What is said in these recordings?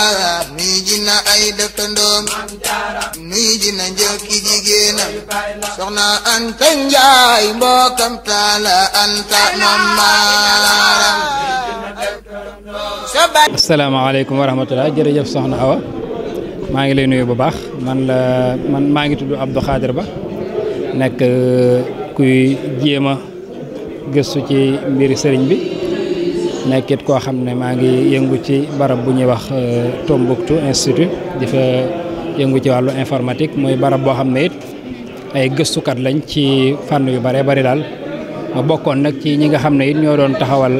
jaara nuy ay dëkkandoom nuy soxna anta njaay mbokkam taala anta mamaaram asalaamaaleykum wa rahmatulah jërëjëf soxna Awa maa ngi lay nuyu bu baax man la man maa ngi tudd Abdou Khadir Ba nekk kuy jéem a ci mbiri sëriñ bi nekkit koo xam ne maa ngi yëngu ci barab bu ñuy wax euh, Tombouctou institut di fa yëngu ci wàllu informatique mooy barab boo xam ne it ay gëstukat lañ ci fànn yu bare bari daal ma bokkoon nag ci ñi nga xam ne it ñoo doon taxawal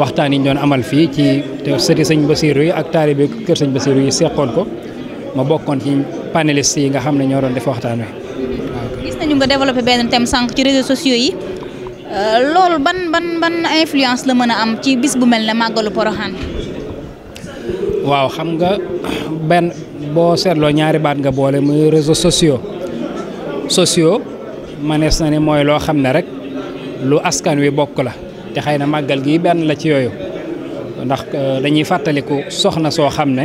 waxtaan yi ñu doon amal fii ci te sëti sëñ Basiru yi ak taalibe kër sëñ Basiru yi seqoon ko ma bokkoon ci panélistes yi nga xam ne ñoo doon def waxtaan wi. gis nañu nga développé benn thème sànq ci réseaux sociaux yi. Euh, loolu ban ban ban influence la mën a am ci bis bu mel ne màggalu Porokhane. waaw xam nga benn boo seetloo ñaari baat nga boole muy réseau sociaux sociaux manees na ne mooy loo xam ne rek lu askan wi bokk la te xëy na màggal gi benn la ci yooyu ndax euh, dañuy fàttaliku soxna soo xam ne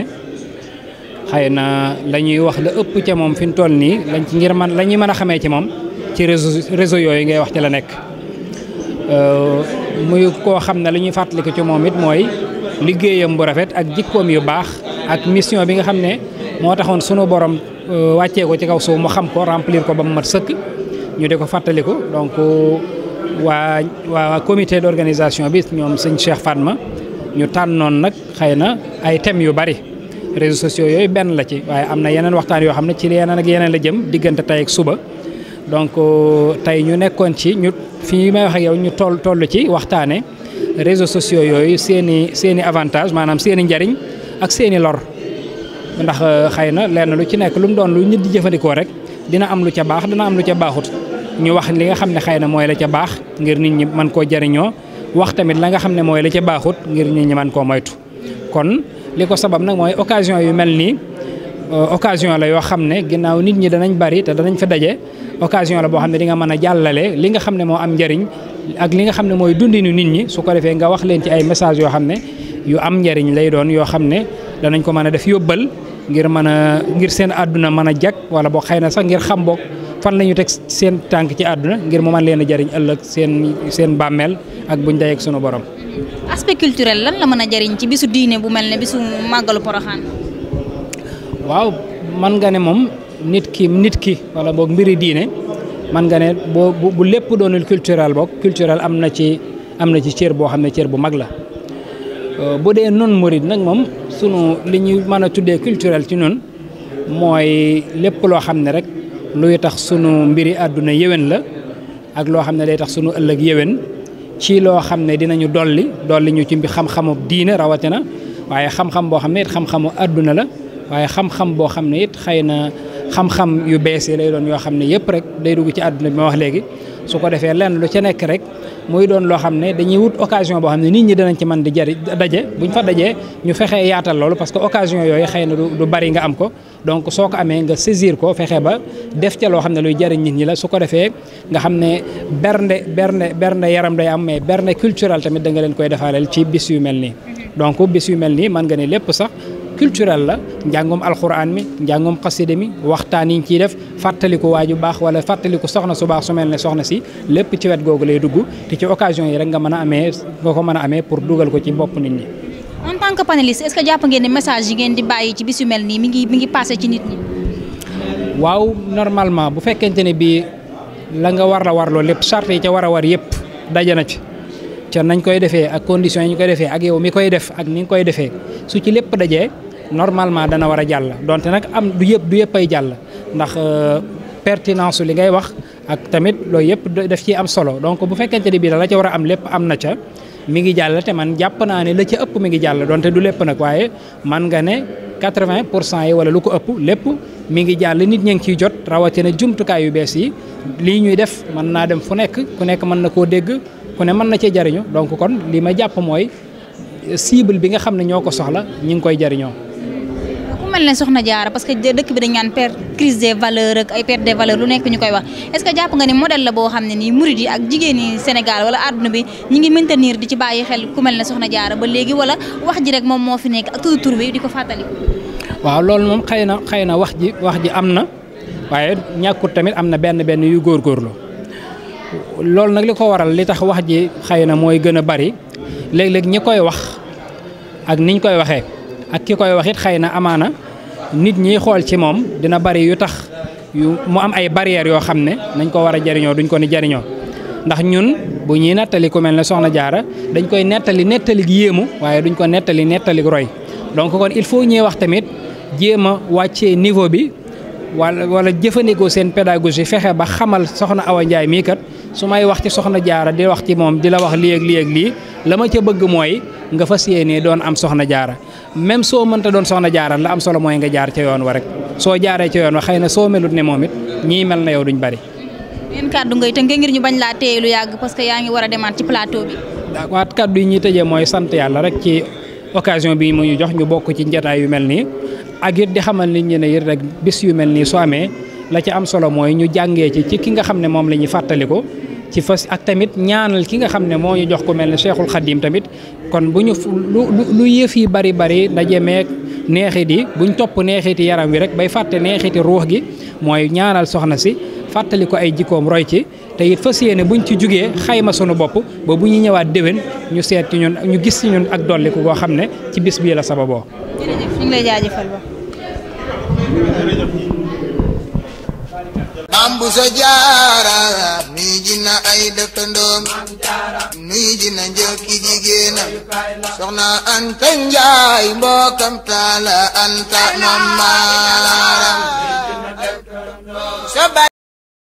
xëy na la wax la ëpp ca moom fi mu toll nii lañ ci ngir man la ñuy mën a xamee ci moom ci réseau réseau yooyu ngay wax ci la nekk. Euh, muy koo xam ne li ñuy fàttaliku ci moom it mooy liggéeyam bu rafet ak jikkoom yu baax ak mission bi nga xam ne moo taxoon sunu borom euh, wàccee ko ci kaw suuf mu xam ko remplier ko ba mu mat sëkk ñu di ko fàttaliku donc waa waa comité organisation bi ñoom sëñ Cheikh ma ñu tànnoon nag xëy na ay thèmes yu bari réseaux sociaux yooyu benn la ci waaye am na yeneen waxtaan yoo xam ne ci yeneen ak yeneen la jëm diggante tey ak suba. donc euh, tey ñu nekkoon ci ñu fi may wax ak yow ñu toll toll ci waxtaane réseau sociaux yooyu seen i seen i avantage maanaam seeni njariñ ak seen i lor ndax euh, xëy na lenn lu ci nekk lu mu doon lu nit di jëfandikoo rek dina am lu ca baax dina am lu ca baaxut ñu wax li nga xam ne xëy na mooy la ca baax ngir nit ñi mën koo jariñoo wax tamit la nga xam ne mooy la ca baaxut ngir nit ñi mën koo moytu kon li ko sabab nag mooy occasion yu mel nii Euh, occasion la yoo xam ne ginnaaw nit ñi danañ bari te danañ fa occasion la boo xam ne di nga mën a jàllale li nga xam ne moo am njariñ ak li nga xam ne mooy dundinu nit ñi su ko defee nga wax leen ci ay message yoo xam ne yu am njariñ lay doon yoo xam ne danañ ko mën a def yóbbal ngir mën a ngir seen àdduna mën a jag wala boo xëy na sax ngir xam book fan la ñu teg seen tànk ci àdduna ngir mu mën leen a jariñ ëllëg seen seen bàmmeel ak buñ dayeeg sunu borom. waaw man nga ne moom nit ki nit ki wala boog mbiri diine man nga ne boo bu lépp doonul culturel boog culturel am na ci am na ci cër boo xam ne cër bu mag la euh, bu dee noon morit nag moom sunu li ñuy mën a tuddee culturel ci noonu mooy lépp loo xam ne rek luy tax sunu mbiri àdduna yéwén la ak loo xam ne day tax sunu ëllëg yéwén ci loo xam ne dinañu dolli dolli ñu ci mbi xam-xamu diine rawatina waaye xam-xam boo xam ne it xam-xamu àdduna la waaye xam-xam boo xam ne it xëy na xam-xam yu bees yi lay doon yoo xam ne yëpp rek day dugg ci àdduna bi ma wax léegi su ko defee lenn lu ca nekk rek muy doon loo xam ne dañuy wut occasion boo xam ne nit ñi danañ ci mën di jari daje buñ fa dajee ñu fexee yaatal loolu parce que occasion yooyu xëy na du bari nga am ko donc soo ko amee nga saisir ko fexe ba def ca loo xam ne luy jariñ nit ñi la su ko defee nga xam ne bernde bernde bernde yaram day am mais bernde culturel tamit da nga leen koy defaaleel ci bis yu mel nii donc bis yu mel nii man nga ne lépp sax culturel la njàngum alxuraan mi njàngum xaside mi waxtaan yi ñu ciy def fàttaliku waaju baax wala fàttaliku soxna su baax su mel ne soxna si lépp ci wet googu lay dugg te ci occasion yi rek nga mën a amee nga ko mën a amee pour dugal ko ci bopp nit ñi. en tant que panéliste jàpp ngeen ne message yi ngeen di bàyyi ci bis ngi mi ngi passé ci nit ñi. waaw normalement bu fekkente ne bii la nga war la war loolu lépp charte yi ca war a war yëpp daje na ci. ca nañ koy defee ak conditions yi ñu koy defee ak yow mi koy def ak ni koy defee normalement dana war a jàll donte nag am du yëpp du yëpp ay jàll ndax euh, pertinence li ngay wax ak tamit loolu yëpp def ci am solo donc bu fekkente ne bii da la ca war a am lépp am na ca mi ngi jàll te man jàpp naa ne la ca ëpp mi ngi jàll donte du lépp nag waaye man nga ne 80 pour cent yi wala lu ko ëpp lépp mi ngi jàll nit ñi ngi ciy jot rawatina jumtukaay yu bees yi lii ñuy def mën naa dem fu nekk ku nekk mën na koo dégg ku ne mën na cee jariñu donc kon lii ma jàpp mooy cible bi nga xam ne ñoo ko soxla ñi ngi koy jariñoo mel ne soxna jaara parce que dëkk bi dañ naan perte crise des valeurs ak perte des valeurs lu nekk ñu koy wax est ce que jàpp nga ni modèle la boo xam ne nii murid yi ak jigéen yi Sénégal wala àdduna bi ñu ngi maintenir di ci bàyyi xel ku mel ne soxna jaara ba léegi wala wax ji rek moom moo fi nekk ak tudd tur bi di ko fàttali waaw loolu moom xëy na xëy na wax ji wax ji am na waaye ñàkkut tamit am na benn benn yu góor góorgóorlu loolu nag li ko waral li tax wax ji xëy na mooy gën a bari léeg-léeg ñi koy wax ak niñ koy waxee ak ki koy wax xëy na amaana nit ñi xool ci moom dina bari yu tax mu am ay barrières yoo xam ne nañ ko war a jariñoo duñ ko ni jariñoo ndax ñun bu ñuy nettali ku mel ne Soxna Jaara dañ koy nettali nettali yéemu waaye duñ ko nettali nettali roy donc kon il faut ñuy wax tamit jéem a wàccee niveau bi walla wala jëfandikoo seen pédagogie fexe ba xamal Soxna Awa njaay mii kat su may wax ci Soxna Jaara di wax ci moom di la wax lii ak lii la ma ca bëgg mooy nga fas yéenee doon am Soxna Jaara même soo mënta doon soxna jaaral la am solo mooy nga jaar ca yoon wa rek soo jaaree ca yoon wa xay na soo melut ne moom it ñii mel na yow duñ bari. yéen kàddu ngay tënkee ngir ñu bañ laa téye lu yàgg parce que yaa ngi war a demaat ci plateau bi. d'accord kàddu yi ñuy tëjee mooy sant yàlla rek ci occasion bi mu ñu jox ñu bokk ci njataay yu mel nii ak it di xamal nit ñi ne it rek bis yu mel nii su amee la ci am solo mooy ñu jàngee ci ci ki nga xam ne moom la ñuy fàttaliku ci fas ak tamit ñaanal ki nga xam ne moo ñu jox ko mel ne Cheikhul Khadim tamit kon bu ñu lu lu yëf yi bari bari ndaje meek neexit yi buñ topp neexiti yaram wi rek bay fàtte neexiti ruux gi mooy ñaanal soxna si fàttali ko ay jikkoom roy ci te it fas yéene buñ ci jógee xayma sunu bopp ba bu ñu ñëwaat déwén ñu seet ci ñun ñu gis ci ñun ak dolliku goo xam ne ci bis bii la sababoo. maam bu sa jaara nuy ji na ay dëkkandoom nuy ji na njëkki jigéenam soxna anta njaay mbokkam taala anta maam maaram